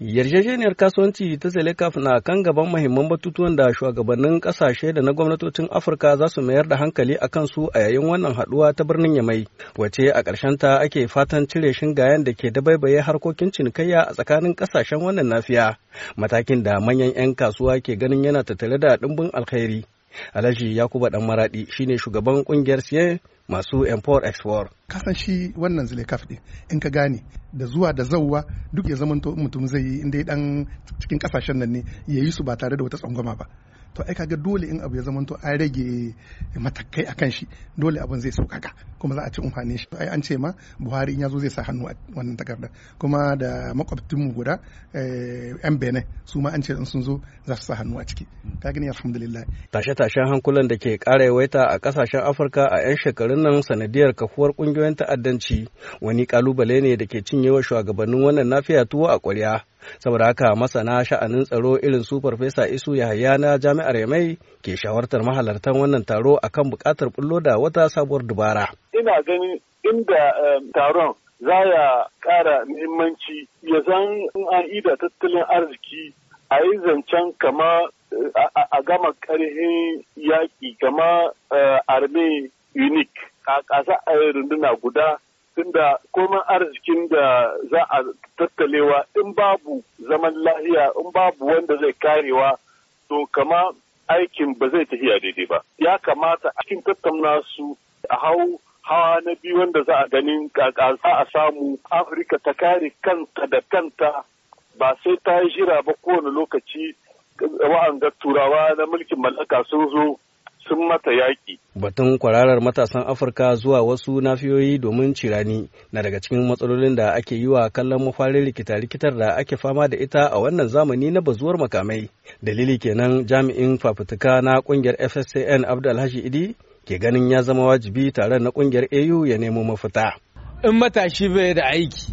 Yarjejeniyar kasuwanci ta Zelekaf na kan gaban mahimman batutuwan da shugabannin ƙasashe da na gwamnatocin Afirka za su mayar da hankali a kansu a yayin wannan haɗuwa ta birnin Yamai, wace a ta ake fatan cire shingayen da ke da dabaibaye harkokin cinikayya a tsakanin ƙasashen wannan nafiya, matakin da manyan 'yan kasuwa ke ganin yana tattare da ɗimbin alkhairi. Alhaji Yakuba Dan Maradi shine shugaban kungiyar siye masu import export. Kasan shi wannan zile kafɗe in ka gane da zuwa da zauwa duk ya zamanto mutum zai yi inda dan cikin kasashen nan ne ya yi su ba tare da wata tsangwama ba. to ai kaga dole in abu ya zama to an rage matakai a kan shi dole abin zai sauƙaƙa kuma za a ci umfanin shi ai an ce ma Buhari in ya zo zai sa hannu a wannan takarda kuma da makwabtinmu guda eh, yan Benin su ma an ce in sun zo za su sa hannu a ciki ka gani alhamdulillah tashe-tashen hankulan da ke kara yawaita a kasashen Afirka a 'yan shekarun nan sanadiyar kafuwar ƙungiyoyin ta'addanci wani kalubale ne da ke cinyewa shugabannin wannan nafiya tuwo a kwarya saboda haka masana sha'anin tsaro irin su farfesa isu yahaya na jami'ar yamai ke shawartar mahalartan wannan taro a kan bukatar bullo da wata sabuwar dubara ina ganin inda eh, taron za ya ƙara muhimmanci ya zan an da tattalin arziki a yi zancen kama eh, a gama ƙarhin yaƙi kama eh, arme unique a ƙasa a runduna guda tunda komai arzikin da za a tattalewa in babu zaman lahiya in babu wanda zai karewa to kama aikin ba zai tafiya daidai ba ya kamata a cikin tattauna su a hau hawa na biyu wanda za a ganin kaka za a samu afirka ta kare kanta da kanta ba sai ta yi jira ba kowane lokaci wa'anga turawa na mulkin mallaka sun zo sun mata yaƙi. Batun kwararar matasan Afirka zuwa wasu nafiyoyi domin cirani na daga cikin matsalolin da ake yi wa kallon mafarin rikita-rikitar da ake fama da ita a wannan zamani na bazuwar makamai. Dalili kenan jami'in fafutuka na ƙungiyar FSCN Abdulhashi Idi ke ganin ya zama wajibi tare na ƙungiyar AU ya nemo mafita. In matashi bai da aiki,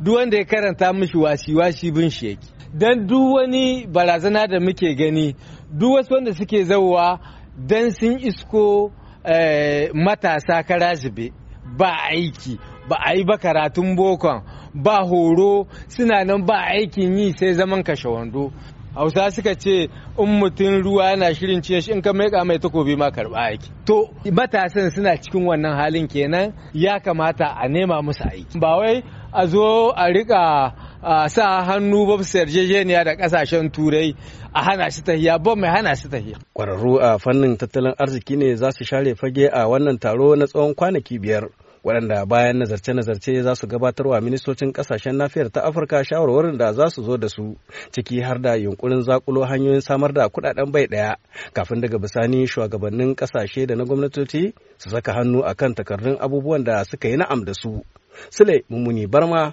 duk wanda ya karanta mishi wasi-wasi bin shi Dan duk wani barazana da muke gani, duk wasu wanda suke zawowa don sun isko eh, matasa kara zube ba aiki ba a yi ba karatun bokon ba horo suna nan ba aikin yi sai zaman kashe wando hausa suka ce in mutum ruwa yana shirin ciye shi in ka maika mai takobi ma karba aiki to matasan suna cikin wannan halin kenan ya kamata a nema musu aiki ba wai a zo a rika A sa hannu ba su da kasashen turai a hana shi tahiya bob mai hana shi tahiya kwararru a fannin tattalin arziki ne za su share fage a wannan taro na tsawon kwanaki biyar waɗanda bayan nazarce-nazarce za su gabatar wa ministocin ƙasashen nafiyar ta afirka shawarwarin da za su zo da su ciki har da yunkurin zakulo hanyoyin samar da kuɗaɗen bai ɗaya kafin daga bisani shugabannin ƙasashe da na gwamnatoci su saka hannu akan takardun abubuwan da suka yi na'am da su sule mummuni barma